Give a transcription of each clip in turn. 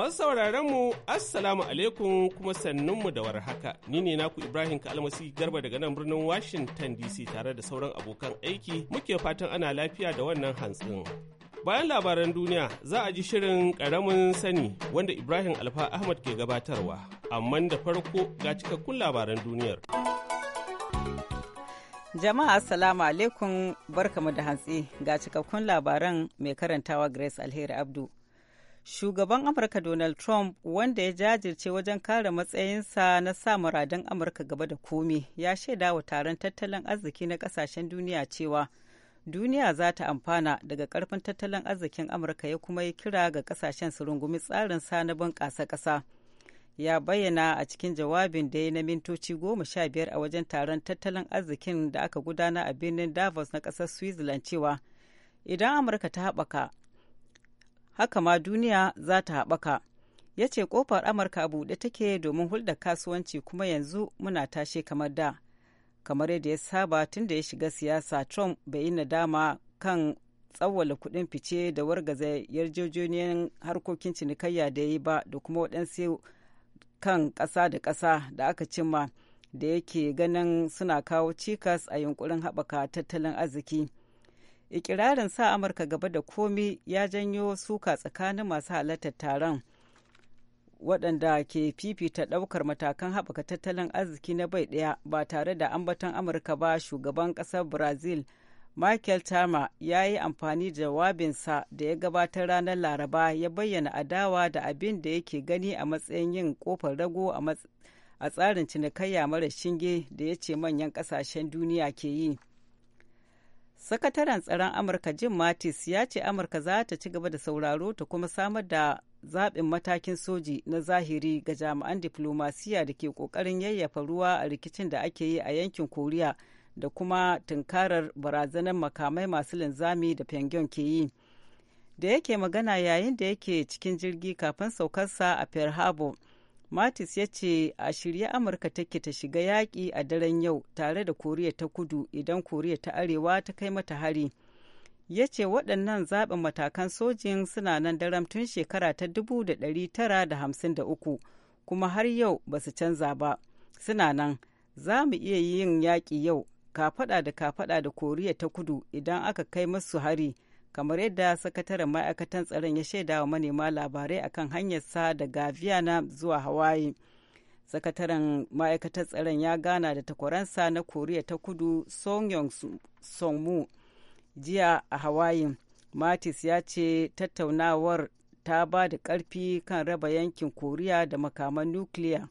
Masu sauraron mu Assalamu alaikum kuma sannunmu da warhaka. Ni ne naku Ibrahim Kalmasi Garba daga nan birnin Washington DC tare da sauran abokan aiki muke fatan ana lafiya da wannan hantsin. Bayan labaran duniya za a ji shirin karamin sani wanda Ibrahim Alfa Ahmad ke gabatarwa, amma da farko ga cikakkun labaran duniyar. Jama'a Assalamu alaikum barkamu da hantsi ga cikakkun labaran mai karantawa Grace Alheri Abdu. shugaban amurka donald trump wanda ya jajirce wajen kare matsayinsa na sa muradun amurka gaba da komi ya shaida wa taron tattalin arziki na kasashen duniya cewa duniya za ta amfana daga karfin tattalin arzikin amurka ya kuma yi kira ga kasashen su rungumi tsarin sa na bunƙasa ƙasa ya bayyana a cikin jawabin da ya na mintoci goma sha biyar a wajen taron tattalin arzikin da aka gudana a birnin davos na ƙasar switzerland cewa idan amurka ta haɓaka haka ma duniya za ta haɓaka. Ya ce ƙofar Amurka a buɗe take domin hulɗar kasuwanci kuma yanzu muna tashe kamar da. Kamar yadda ya saba tun da ya shiga siyasa Trump bai yi nadama kan tsawwala kuɗin fice da wargaza yarjejeniyar harkokin cinikayya da ya yi ba da kuma waɗansu kan ƙasa da ƙasa da aka cimma da yake ganin suna kawo cikas a yunkurin haɓaka tattalin arziki. ikirarin sa amurka gaba da komi ya janyo suka tsakanin masu halartar taron waɗanda ke fifita ɗaukar matakan haɓaka tattalin arziki na bai ɗaya ba tare da ambaton amurka ba shugaban ƙasar brazil michael tama ya yi amfani da jawabinsa da ya gabatar ranar laraba ya bayyana adawa da abin da yake gani a matsayin yin kofar rago a tsarin cinikayya mara shinge da ya ce manyan ƙasashen duniya ke yi sakataren tsaron amurka jim mattis ya ce amurka za ta ci gaba da sauraro ta kuma samar da zaɓin matakin soji na zahiri ga jami'an diflomasiya da ke ƙoƙarin yayyafa ruwa a rikicin da ake yi a yankin koriya da kuma tunkarar barazanar makamai masu linzami da pyongyang ke yi da yake magana yayin da yake cikin jirgi kafin saukarsa a pearl harbor Mattis ya ce a shirye Amurka take ta shiga yaƙi a daren yau tare da Koriya ta kudu idan Koriya ta arewa ta kai mata hari. Ya ce waɗannan zaɓin matakan sojin suna nan daren tun shekara ta 1953 kuma har yau ba su canza ba. Suna nan za mu iya yin yaƙi yau kafaɗa da kafaɗa da Koriya ta kudu idan aka kai masu hari. kamar yadda sakataren ma'aikatan tsaron ya shaida wa manema labarai akan hanyar hanyarsa daga viana zuwa hawaii sakataren ma'aikatar tsaron ya gana da takwaransa na koriya ta kudu songyong songmu jiya a hawaii matis ya ce tattaunawar ta ba da ƙarfi kan raba yankin koriya da makaman nukiliya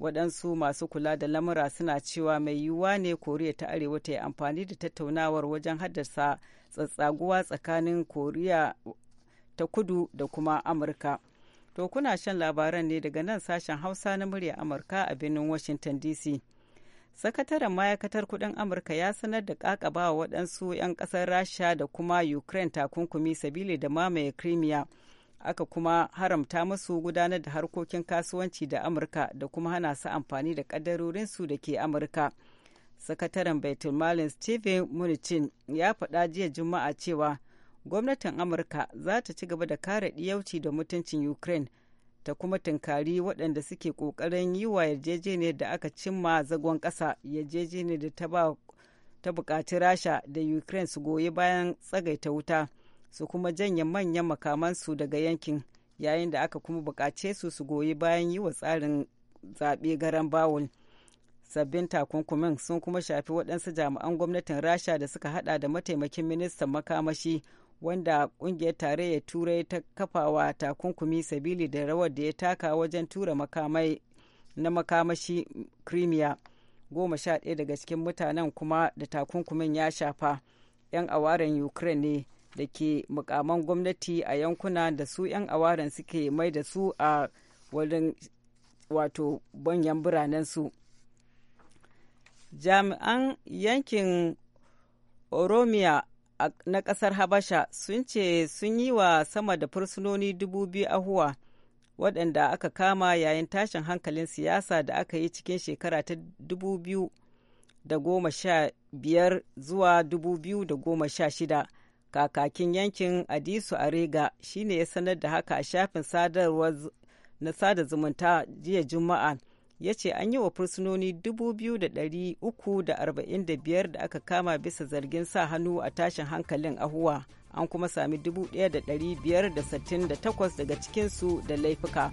waɗansu masu kula da lamura suna cewa mai yiwuwa ne koriya ta arewa ta yi amfani da tattaunawar wajen haddasa tsatsaguwa tsakanin koriya ta kudu da kuma amurka to kuna shan labaran ne daga nan sashen hausa na murya amurka a birnin washington dc sakataren ma'aikatar kudin amurka ya sanar da kakabawa waɗansu 'yan ƙasar rasha da kuma ukraine takunkumi sabili da mamaye crimea aka kuma haramta musu gudanar da harkokin kasuwanci da amurka da kuma hana su amfani da kadarorinsu da ke amurka sakataren malin stephen munichin ya faɗa jiya juma'a cewa gwamnatin amurka za ta ci gaba da kare ɗiyauci da mutuncin ukraine ta kuma tunkari waɗanda suke ƙoƙarin yi wa yarjejeniyar da aka cimma zagon ƙasa yarjejeniyar da ta buƙaci rasha da ukraine su goyi bayan tsagaita wuta su kuma janye manyan makamansu daga yankin yayin da aka kuma bukace su su goyi bayan yi wa tsarin zaɓe garan bawul sabbin takunkumin sun kuma shafi waɗansu jami'an gwamnatin rasha da suka hada da mataimakin ministan makamashi wanda ƙungiyar tarayyar turai ta kafawa takunkumi sabili da rawar da ya taka wajen tura makamai na makamashi crimea goma sha ɗaya daga cikin mutanen kuma da takunkumin ya shafa 'yan awaren ukraine ne da ke mukaman gwamnati a yankuna da su 'yan awaren suke mai da su a wurin wato banyan su jami'an yankin oromia na kasar habasha sun ce sun yi wa sama da fursunoni dubu biyu ahuwa waɗanda aka kama yayin tashin hankalin siyasa da aka yi cikin shekara ta dubu da goma sha biyar zuwa dubu da goma sha shida kakakin yankin adisu arega shine ya sanar da haka a shafin sadarwar na sada zumunta jiya juma'a ya ce an yi wa fursunoni 2,345 da aka kama bisa zargin sa hannu a tashin hankalin ahuwa an kuma sami 1,568 daga cikinsu da laifuka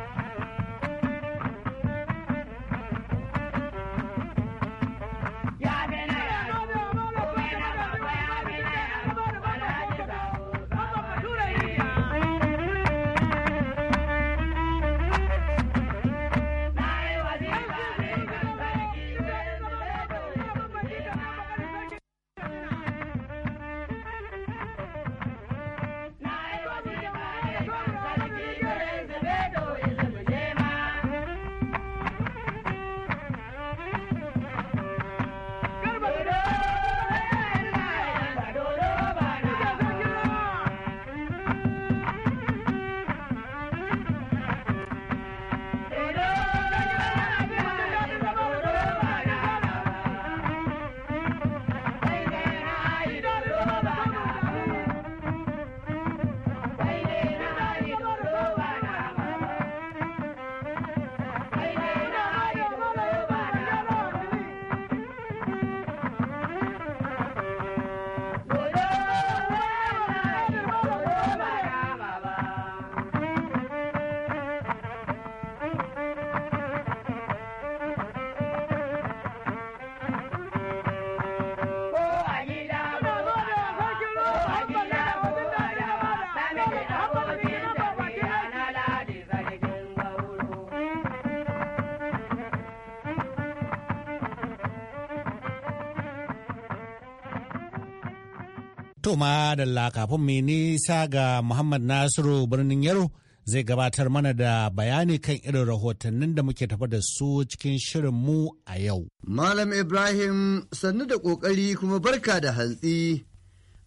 kuma da kafin mai nisa ga Muhammad Nasiru birnin Yaro zai gabatar mana da bayani kan irin rahotannin da muke tafa da su cikin shirin mu a yau. Malam Ibrahim sannu da ƙoƙari kuma barka da hantsi.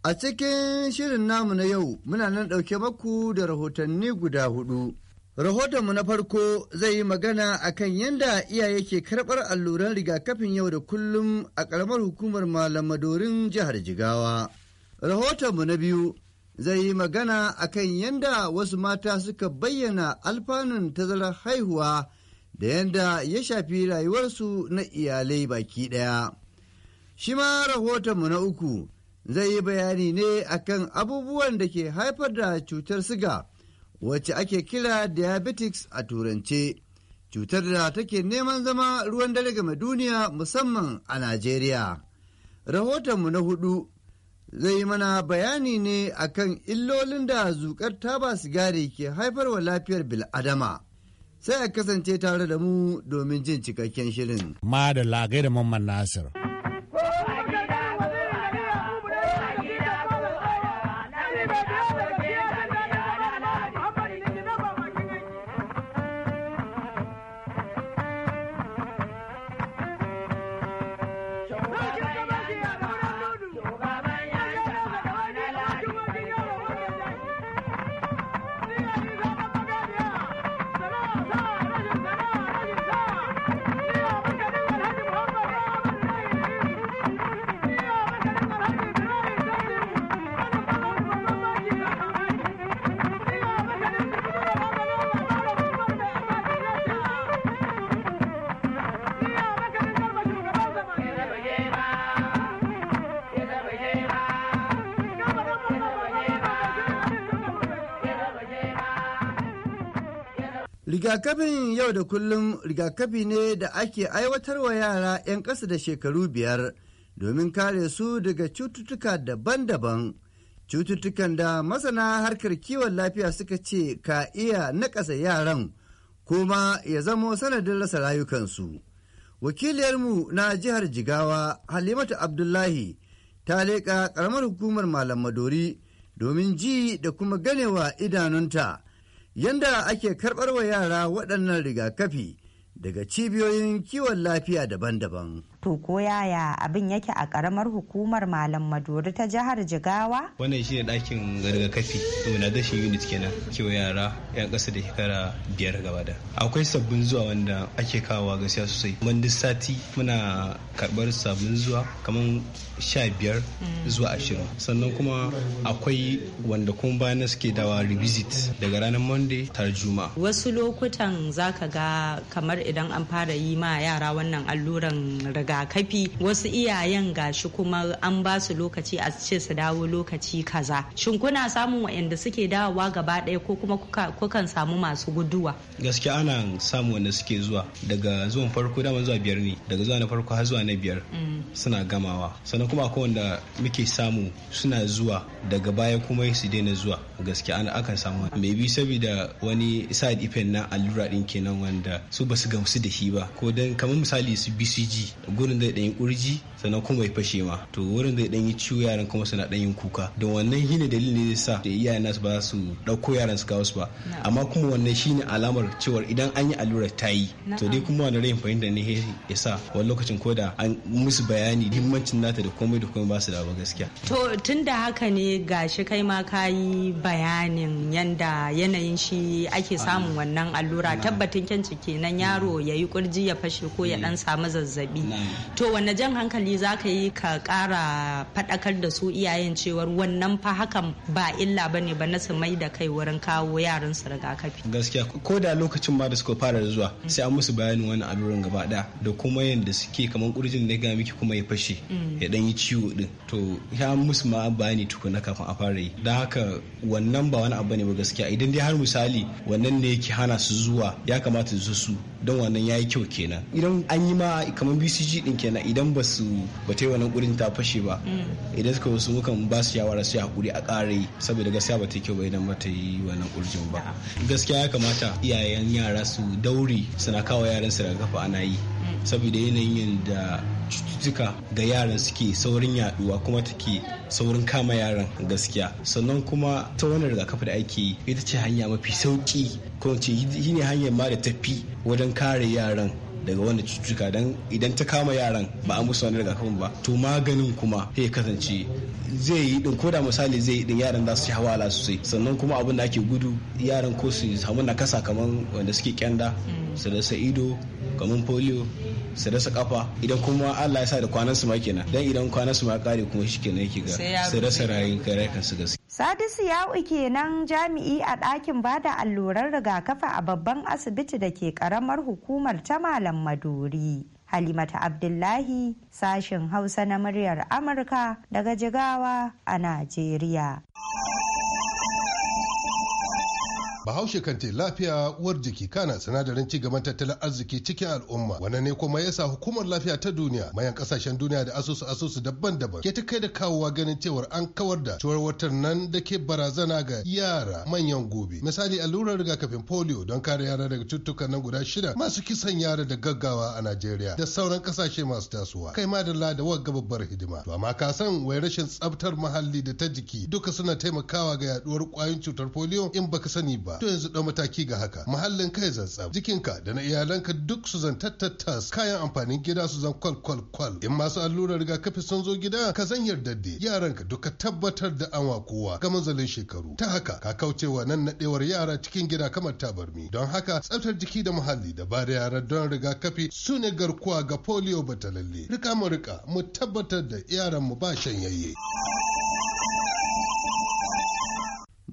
A cikin shirin namu na yau muna nan ɗauke maku da rahotanni guda hudu. Rahotonmu na farko zai yi magana a kan yadda iyaye ke karɓar alluran rigakafin yau da kullum a ƙaramar hukumar Malam Madorin jihar Jigawa. Rahotonmu na biyu zai yi magana a kan yadda wasu mata suka bayyana alfanun tazarar haihuwa da yadda ya shafi rayuwarsu na iyalai baki ɗaya. Shi ma rahotonmu na uku zai yi bayani ne a kan abubuwan da ke haifar da cutar siga wacce ake kira diabetics a turance. Cutar da take neman zama ruwan dare game duniya musamman a Najeriya. Rahotonmu na hudu zai yi mana bayani ne akan illolin da zukar taba sigari ke haifarwa lafiyar bil'adama. Sai a kasance tare da mu domin jin cikakken shirin. Ma da lagai da Mamman Nasir. Rigakafin yau da kullum rigakafi ne da ake aiwatar wa yara 'yan ƙasa da shekaru biyar domin kare su daga cututtuka daban-daban. Cututtukan da masana harkar kiwon lafiya suka ce ka iya naƙasa yaran kuma ya zamo sanadin rasa rayukansu. Wakiliyarmu na jihar Jigawa Halimatu Abdullahi ta leƙa ƙaramar hukumar Malam Madori domin ji da kuma ganewa idanunta. yanda ake karɓar wa yara waɗannan rigakafi daga cibiyoyin kiwon lafiya daban-daban. to ko yaya abin yake a karamar hukumar malam madori ta jihar jigawa wannan shi ne ɗakin gargakafi to na dashin unit kenan kiwo yara yan ƙasa da shekara biyar gaba da akwai sabbin zuwa wanda ake kawo gaskiya sosai mun duk sati muna karɓar sabbin zuwa kamar sha biyar zuwa ashirin sannan kuma akwai wanda kuma bayan suke dawa revisit daga ranar monday tar juma wasu lokutan zaka ga kamar idan an fara yi ma yara wannan alluran riga rigakafi wasu iyayen gashi kuma an ba su lokaci a ce su dawo lokaci kaza shin kuna samun waɗanda suke dawowa gaba ɗaya ko kuma kukan samu masu guduwa gaskiya ana samu wanda suke zuwa daga zuwan farko dama zuwa biyar ne daga zuwa na farko har zuwa na biyar mm. suna gamawa sannan kuma akwai wanda muke samu suna zuwa daga baya kuma su daina zuwa gaskiya ana akan samu me bi saboda wani side effect na allura din kenan wanda su basu gamsu da shi ba ko dan kamar misali su BCG wurin zai yi ƙurji sannan kuma ya fashe ma to wurin zai yi ciwo yaran kuma suna yin kuka don wannan shine dalilin ne sa da iyayen nasu ba su ɗauko yaran su kawo su ba amma kuma wannan shine alamar cewa idan an yi allurar ta yi to dai kuma wani ra'in fahimta ne ya sa wani lokacin ko da an musu bayani muhimmancin nata da komai da komai ba su da ba gaskiya. to tun da haka ne gashi kai ma ka yi bayanin yanda yanayin shi ake samun wannan allura tabbatin kyanci kenan yaro ya yi kurji ya fashe ko ya dan eh. samu zazzabi to wanne jan hankali za ka yi ka kara faɗakar da su iyayen cewar wannan fa hakan ba illa ba ne ba na mai da kai wurin kawo yaran su rigakafi gaskiya ko da lokacin ma da suka fara zuwa sai an musu bayanin wani abin gaba da da kuma yadda suke kamar kurjin da ga miki kuma ya fashe mm. ya dan yi ciwo din to ya musu ma bayani tukuna kafin a fara yi da haka wannan ba wani abu ne ba gaskiya idan dai har misali wannan ne yake hana su zuwa ya kamata su su don wannan ya yi kyau kenan idan an yi ma kamar bcg din kenan idan ba su ba ta yi wannan kurin ta fashe ba mm. idan suka wasu mukan ba su yawara su hakuri a kare saboda gaskiya ba ta yi kyau ba idan ba ta yi wannan kurjin ba gaskiya ya kamata iyayen yara su daure suna kawo yaran su daga kafa ana yi mm. saboda yanayin da cututtuka ga yaran suke saurin yaduwa kuma take saurin kama yaran gaskiya sannan kuma ta wani rigakafi da ake ita ce hanya mafi sauki ko ce shi ne hanyar ma da tafi wajen kare yaran daga wanda cututtuka don idan ta kama yaran ba a musu wani rigakafin ba to maganin kuma zai kasance zai yi din koda misali zai yi din yaran za su ala sosai sannan kuma abin da ake gudu yaran ko su samu nakasa kamar wanda suke kyanda su rasa ido kamar polio su rasa kafa idan kuma Allah ya sa da kwanan su ma kenan dan idan kwanan su ma kare kuma shikenan yake ga su rasa rayuwar kansu gaske Sadisu Ya'u kenan jami'i a ɗakin bada alluran rigakafi a babban asibiti da ke ƙaramar hukumar ta Malam Maduri. Halimata Abdullahi sashin Hausa na muryar Amurka daga Jigawa a Najeriya. Bahaushe kan lafiya uwar jiki kana sinadarin ci gaban tattalin arziki cikin al'umma. Wannan ne kuma yasa hukumar lafiya ta duniya mayan kasashen duniya da asusu asusu daban-daban ke ta kai da kawowa ganin cewar an kawar da wata nan da ke barazana ga yara manyan gobe. Misali allurar rigakafin polio don kare yara daga cututtukan nan guda shida masu kisan yara da gaggawa a Najeriya da sauran kasashe masu tasowa. Kai ma da da ga babbar hidima. To amma ka san wai rashin tsabtar muhalli da ta jiki duka suna taimakawa ga yaduwar kwayoyin cutar polio in baka sani ba. ba to yanzu ɗau mataki ga haka muhallin kai jikin jikinka da na iyalanka duk su zan tattattas kayan amfanin gida su zan kwal kwal kwal in masu allurar rigakafi sun zo gida ka zan yarda da yaranka duka tabbatar da an kowa ga manzalin shekaru ta haka ka kauce wa nan naɗewar yara cikin gida kamar tabarmi don haka tsaftar jiki da muhalli da ba da yara don rigakafi su ne garkuwa ga polio batalalle rika mu rika mu tabbatar da yaranmu ba shanyayye.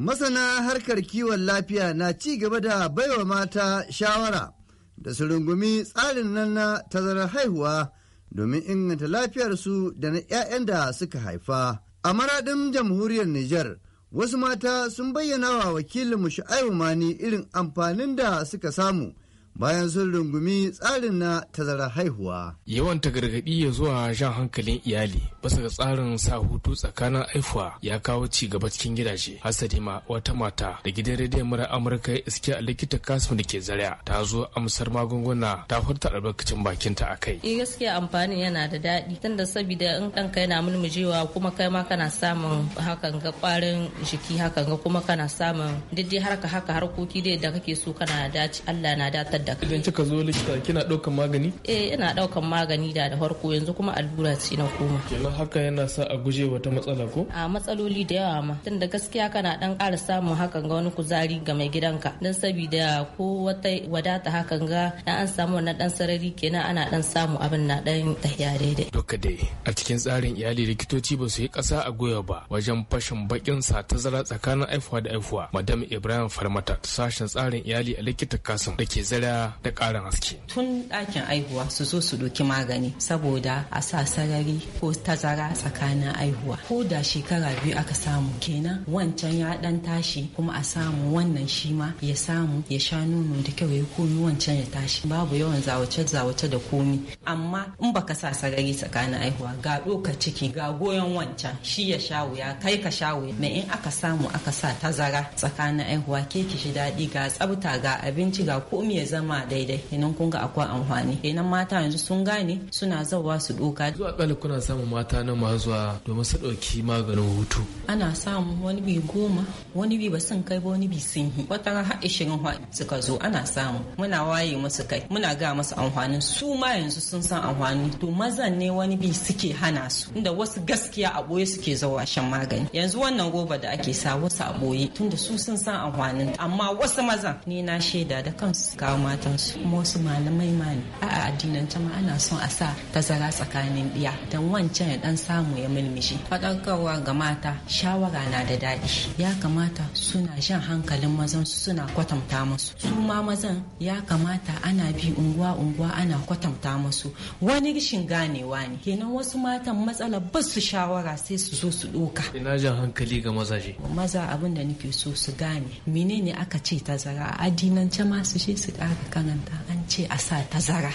Masana harkar kiwon lafiya na ci gaba da baiwa mata shawara da su rungumi tsarin nan na tazarar haihuwa domin inganta lafiyarsu da na 'ya'yan da suka haifa. A maradin jamhuriyar Nijar, wasu mata sun bayyana wa wakilin Shu'aibu Mani irin amfanin da suka samu bayan sun rungumi tsarin na tazara haihuwa. Yawan tagargaɗi ya zuwa jan hankalin iyali basa ga tsarin sa hutu tsakanin haihuwa ya kawo ci gaba cikin gidaje. Hasadi ma wata mata da gidan rediyon mura Amurka iske a likita kasu da ke zariya ta zo amsar magunguna ta furta albarkacin bakinta a kai. Iya eh, gaskiya amfani yana da daɗi tunda sabida in ɗanka yana mulmujewa kuma kai ma kana samun hakan ga ƙwarin jiki hakan ga kuma kana samun daidai harka haka harkoki dai da kake so kana dace Allah na datar cutar da idan kika zo likita kina daukan magani eh ina daukan magani da da farko yanzu kuma allura ce na koma kenan haka yana sa a guje wata matsala ko a matsaloli da yawa ma tunda gaskiya kana dan ƙara samun hakan ga wani kuzari ga mai gidanka dan sabida ko wata wadata hakan ga dan an samu wannan dan sarari kenan ana dan samu abin na dan tahiya daidai duka dai a cikin tsarin iyali likitoci ba su yi ƙasa a goya ba wajen fashin bakin sa tazara tsakanin aifuwa da aifuwa madam ibrahim farmata sashen tsarin iyali a likita kasim da ke zara da karin haske. Tun ɗakin aihuwa su zo su ɗauki magani saboda a sa sarari ko tazara tsakanin aihuwa. Ko da shekara biyu aka samu kenan wancan ya ɗan tashi kuma a samu wannan shi ma ya samu ya sha nono da kyau ya komi wancan ya tashi babu yawan zawace-zawace da komi. Amma in baka sa sarari tsakanin aihuwa ga ɗoka ciki ga goyon wancan shi ya sha wuya kai ka sha wuya Me in aka samu aka sa tazara tsakanin aihuwa ke ki shi daɗi ga tsabta ga abinci ga komi ya zama zama daidai idan kun ga akwai amfani idan mata yanzu sun gane suna zawa su doka zuwa kala kuna samun mata na ma zuwa domin su dauki maganin hutu ana samun wani bi goma wani bi ba sun kai ba wani bi sun yi wata ran har ishirin suka zo ana samu muna waye musu kai muna ga musu amfani su ma yanzu sun san amfani to mazan ne wani bi suke hana su inda wasu gaskiya a boye suke zawa shan magani yanzu wannan roba da ake sa wasu a boye tunda su sun san amfanin amma wasu mazan ni na shaida da kansu kawo matansu kuma wasu malamai ma a ta ma ana son a sa tazara tsakanin ɗiya don wancan ya dan samu ya mulmishi faɗakarwa ga mata shawara na da daɗi ya kamata suna shan hankalin mazan su suna kwatanta musu su ma mazan ya kamata ana bi unguwa unguwa ana kwatanta musu wani rishin ganewa ne kenan wasu matan matsala ba su shawara sai su zo su ɗoka ina jan hankali ga mazaje maza abin da nake so su gane menene aka ce tazara a addinance ma su ce su karanta an ce a sa tazara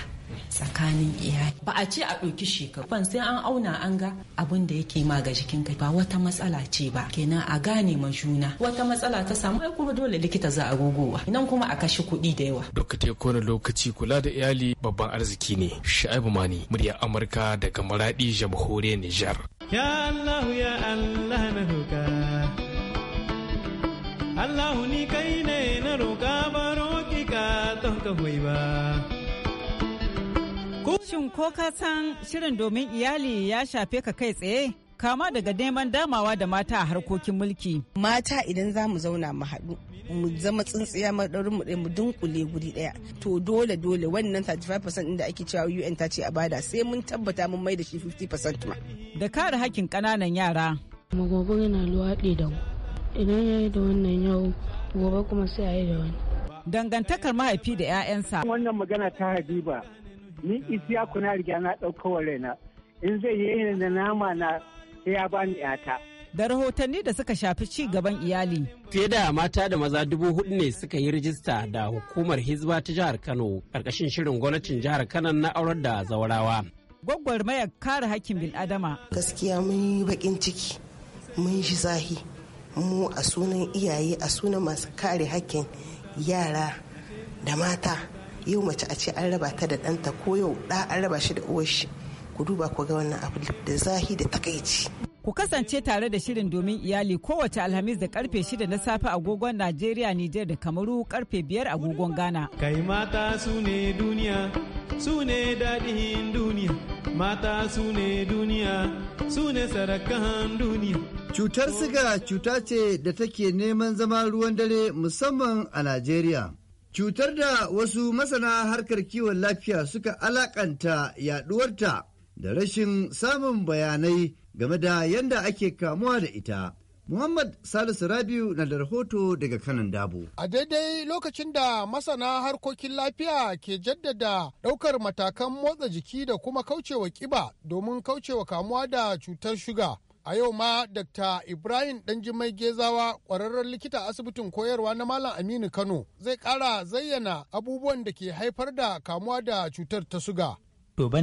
tsakanin iyali ba a ce a ɗauki shekaru ban sai an auna an ga abin da yake ma ga jikin kai ba wata matsala ce ba kenan a gane ma juna wata matsala ta samu ai kuma dole likita za a gogowa nan kuma a kashe kuɗi da yawa ta kona lokaci kula da iyali babban arziki ne sha'ibu mani murya amurka daga maradi jamhuriyar nijar ya allah ya allah na roka allah ni kai ne na roka kawai ba. Kushin ko ka san shirin domin iyali ya shafe ka kai tsaye? Kama daga neman damawa da mata a harkokin mulki. Mata idan za mu zauna mu haɗu, mu zama tsintsiya maɗaurin mu ɗaya mu dunkule guri ɗaya. To dole dole wannan 35% inda ake cewa UN ta ce a bada sai mun tabbata mun mai da shi 50% ma. Da kare hakkin ƙananan yara. Magogon yana luwaɗe da mu. Idan ya yi da wannan yau, gobe kuma sai a yi da wani. dangantakar mahaifi da 'ya'yansa. Wannan magana ta Habiba, ni isiya kuna riga na ɗaukowar raina, in zai yi da nama na sai ya bani 'yata. da rahotanni da suka shafi ci gaban iyali. Fiye da mata da maza dubu hudu ne suka yi rijista da hukumar Hizba ta jihar Kano karkashin shirin gwamnatin jihar Kano na aurar da zaurawa. Gwaggwarmayar kare hakkin adama. Gaskiya mun yi baƙin ciki, mun shi zahi, mu a sunan iyaye a sunan masu kare hakkin yara da mata yau mace a ce an raba ta da ɗanta ko yau ɗa an raba shi da uwar shi ku duba ku ga wannan abu da zahi da takaici Ku kasance tare da shirin domin iyali kowace Alhamis da karfe shida na safe agogon Najeriya, Nijar da Kamaru karfe biyar agogon Ghana. Kai mata su ne duniya, su ne daɗin duniya, mata su ne duniya, su ne sarakan duniya. Cutar siga cuta ce da take neman zama ruwan dare musamman a Najeriya. Cutar da wasu masana harkar kiwon lafiya suka alakanta yaduwarta da rashin samun bayanai game da yadda ake kamuwa da ita. Muhammad Salisu Rabiu na da rahoto daga kanan dabu A daidai lokacin da masana harkokin lafiya ke jaddada ɗaukar matakan motsa jiki da kuma kaucewa kiba domin kaucewa kamuwa da cutar shuga. A yau ma Dr. Ibrahim ɗanjimai Gezawa ƙwararren likita asibitin koyarwa na Malam Aminu Kano zai ƙara zayyana abubuwan da ke haifar da kamuwa da cutar ta suga. To da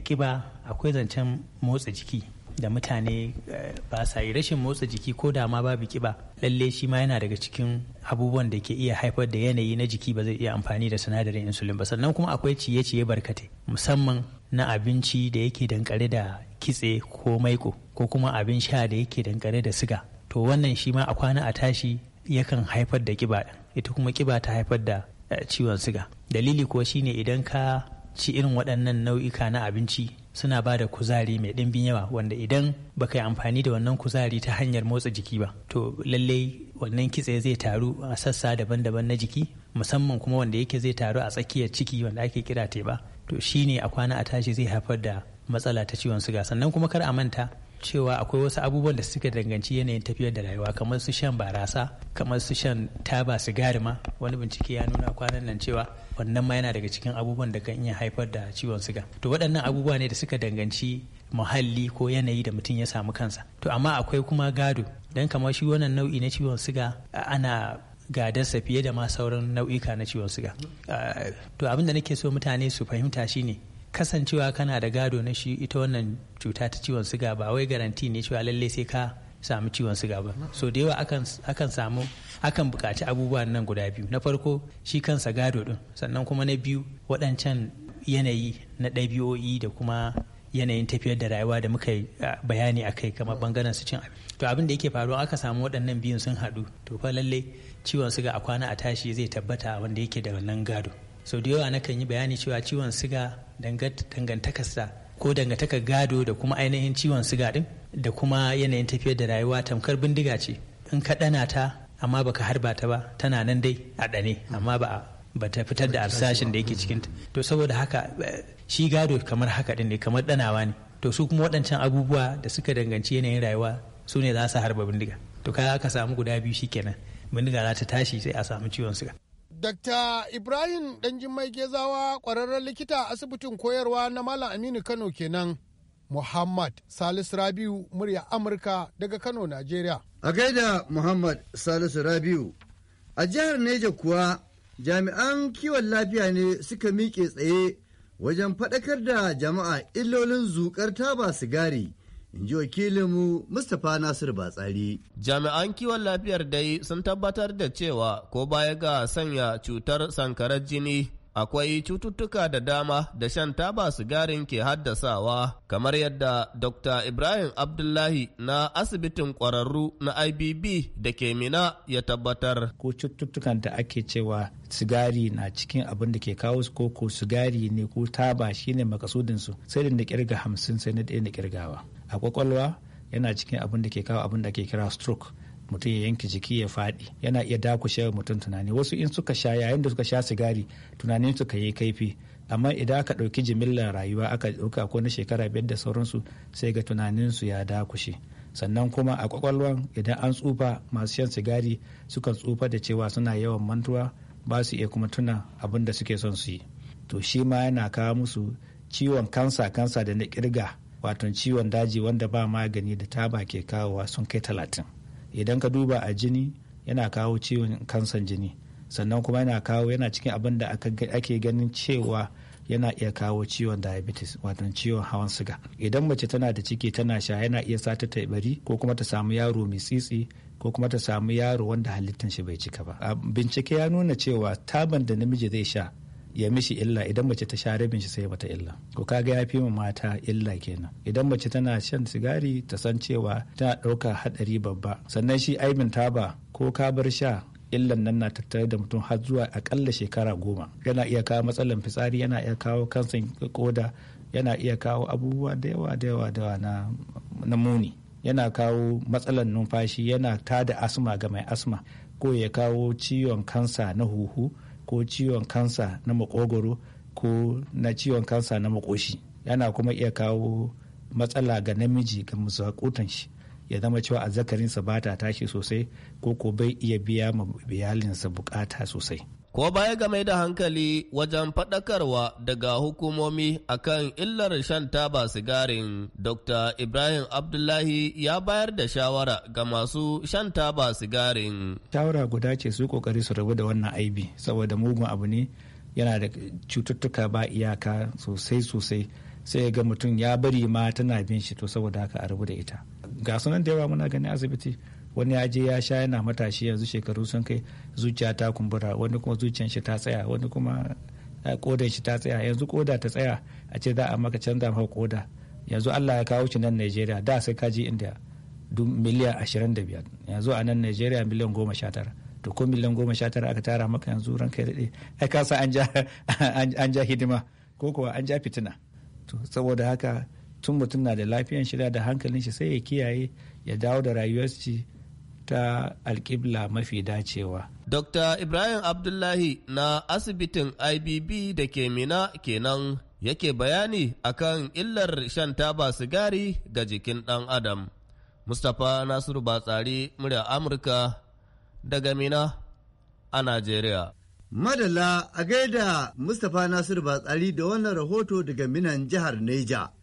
kiba eh, akwai zancen motsa jiki. da mutane eh, ba sa yi rashin motsa jiki ko da ma babu kiba lalle shi ma yana daga cikin abubuwan da ke iya haifar da yanayi na jiki ba zai iya amfani da sinadarin insulin ba sannan kuma akwai ciye-ciye barkate musamman na abinci da yake dankare da kitse ko maiko ko kuma abin sha da yake dankare da siga to wannan shi ma a kwana a tashi yakan haifar da kiba ita kuma kiba ta haifar da eh, ciwon siga dalili kuwa shine idan ka ci irin waɗannan nau'ika na abinci suna ba da kuzari mai ɗimbin yawa wanda idan baka yi amfani da wannan kuzari ta hanyar motsa jiki ba to lallai wannan kitse zai taru a sassa daban-daban na jiki musamman kuma wanda yake zai taru a tsakiyar ciki wanda ake kira ba to shi ne a kwana a tashi zai haifar da matsala ta ciwon suga sannan kuma kar a manta cewa akwai wasu abubuwan da suka danganci yanayin tafiyar da rayuwa kamar su shan barasa kamar su shan taba sigari ma wani bincike ya nuna kwanan nan cewa wannan ma yana daga cikin abubuwan da kan iya haifar da ciwon siga to waɗannan abubuwa ne da suka danganci muhalli ko yanayi da mutum ya samu kansa to amma akwai kuma gado don kamar shi wannan nau'i na ciwon siga ana gadarsa fiye da ma sauran nau'ika na ciwon siga to abin da nake so mutane su fahimta shine kasancewa kana da gado na shi ita wannan cuta ta ciwon siga ba wai garanti ne cewa lallai sai ka samu ciwon siga ba so da yawa akan samu akan bukaci abubuwan nan guda biyu na farko shi kansa gado din sannan kuma na biyu waɗancan yanayi na ɗabi'o'i da kuma yanayin tafiyar da rayuwa da muka yi bayani a kai kamar bangaren su cin abinci to abin da yake faruwa aka samu waɗannan biyun sun haɗu to fa lalle ciwon siga a kwana a tashi zai tabbata wanda yake da wannan gado sau da yawa nakan yi bayani cewa ciwon siga dangantakarsa ko dangantaka gado da kuma ainihin ciwon siga din da kuma yanayin tafiyar da rayuwa tamkar bindiga ce in ka ɗana ta amma baka harba ta ba tana nan dai a ɗane amma ba ba ta fitar da alsashin da yake cikin to saboda haka eh, shi gado kamar haka din ne kamar ɗanawa ne to su kuma waɗancan abubuwa da suka danganci yanayin rayuwa su ne za su harba bindiga to kaya aka samu guda biyu shikenan bindiga za ta tashi sai a samu ciwon siga Dr. Ibrahim Mai Gezawa ƙwararren likita asibitin koyarwa na Malam Aminu Kano kenan. Muhammad Salisu Rabiu murya Amurka daga Kano, Najeriya. A gaida Muhammad Salisu Rabiu, a jihar Neja kuwa jami'an kiwon lafiya ne suka miƙe tsaye wajen faɗakar da jama'a illolin zuƙar taba sigari in ji wakilinmu mustapha nasiru batsari jami'an kiwon lafiyar dai sun tabbatar da cewa ko baya ga sanya cutar sankarar jini akwai cututtuka da dama da shan taba sigarin ke haddasawa kamar yadda dr ibrahim abdullahi na asibitin kwararru na ibb da ke mina ya tabbatar ko cututtukan da ake cewa sigari na cikin abin da ke kawo su koko sigari ne ko taba shine makasudinsu sai da kirga hamsin sai na ɗaya na kirgawa a kwakwalwa yana cikin abin da ke kawo abin da ke kira stroke mutum ya yanke jiki ya faɗi yana iya dakushe mutum tunani wasu in suka sha yayin da suka sha sigari tunanin suka yi kaifi amma idan aka ɗauki jimillar rayuwa aka ɗauka ko na shekara biyar da sauransu sai ga tunanin su ya dakushe sannan kuma a kwakwalwan idan an tsufa masu shan sigari sukan tsufa da cewa suna yawan mantuwa ba su iya kuma tuna abin da suke son su yi to shi ma yana kawo musu ciwon kansa kansa da na kirga wato ciwon daji wanda ba magani da taba ke kawowa sun kai talatin idan ka duba a jini yana kawo ciwon kansan jini sannan kuma yana kawo yana cikin abin da ake ganin cewa yana iya kawo ciwon diabetes wato ciwon hawan siga idan mace tana da ciki tana sha yana iya sa ta ta bari ko kuma ta samu yaro mai tsitsi ko kuma ta samu yaro wanda halittan shi bai cika ba bincike ya nuna cewa taban da namiji zai sha ya mishi illa idan mace ta sha rabin shi sai mata illa ko kaga ya fi ma mata illa kenan idan mace tana shan sigari ta san cewa tana ɗauka haɗari babba sannan shi aibin taba ko ka bar sha illan nan na tattare da mutum har zuwa akalla shekara goma yana iya kawo matsalan fitsari yana iya kawo kansan koda yana iya kawo abubuwa da yawa da yawa da na, na muni yana kawo matsalan numfashi yana tada asma ga mai asma ko ya kawo ciwon kansa na huhu ko ciwon kansa na makogoro ko na ciwon kansa na makoshi yana kuma iya kawo matsala ga namiji ga musakutan shi ya zama cewa zakarinsa ba ta tashi sosai ko ko bai iya biya ma iyalinsa bukata sosai Ko baya ga mai da hankali wajen faɗakarwa daga hukumomi akan illar shan taba sigarin, Dr. Ibrahim Abdullahi ya bayar da shawara ga masu shan taba sigarin. Shawara guda ce su kokari su rabu da wannan aibi saboda mugun abu ne yana da cututtuka ba iyaka sosai sosai sai ga mutum ya bari ma tana bin shi to saboda haka a rabu da ita. Ga sunan da yawa muna ganin asibiti wani ya je ya sha yana matashi yanzu shekaru sun kai zuciya ta kumbura wani kuma zuciyan shi ta tsaya wani kuma eh, kodan shi ta tsaya yanzu koda ta tsaya a ce za a maka canza maka koda yanzu Allah ya kawo shi nan Najeriya da sai ka je inda miliyan 25 yanzu a nan Najeriya miliyan 19 to ko miliyan 19 aka tara maka yanzu ran kai daɗe ai ka an ja hidima ko kuwa an ja fitina to saboda haka tun mutum na da lafiyan shi da hankalin shi sai ya kiyaye ya dawo da rayuwar ta alƙibla mafi dacewa. Dr. Ibrahim Abdullahi na asibitin IBB da ke Mina kenan yake bayani akan illar shan taba sigari ga jikin ɗan Adam. Mustapha Nasiru Batsari murya Amurka daga Mina a Najeriya. Madala a gaida Mustapha Nasiru Batsari da wannan rahoto daga Minan jihar Neja.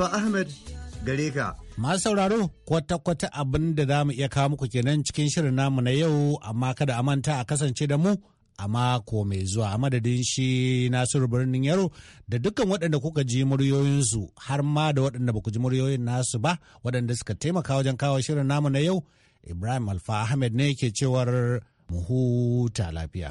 Mustapha Ahmed gare ka. Masu sauraro kwata-kwata abin da za mu iya kawo muku kenan cikin shirin namu na yau amma kada a manta a kasance da mu a mako mai zuwa a madadin shi nasiru birnin yaro da dukkan waɗanda kuka ji muryoyinsu har ma da waɗanda ba ku ji muryoyin nasu ba waɗanda suka taimaka wajen kawo shirin namu na yau ibrahim alfa ahmed ne ke cewar mu huta lafiya.